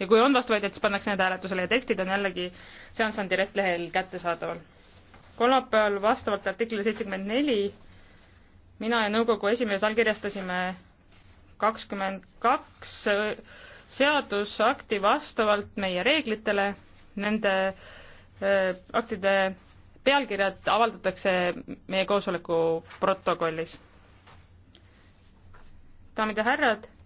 ja kui on vastuväidet, siis pannakse need hääletusele ja tekstid on jällegi seanss on direkt lehel kättesaadaval. kolmapäeval vastavalt artiklile seitsekümmend neli mina ja nõukogu esimees allkirjastasime kakskümmend kaks seadusakti vastavalt meie reeglitele, nende aktide pealkirjad avaldatakse meie koosoleku protokollis. daamid ja härrad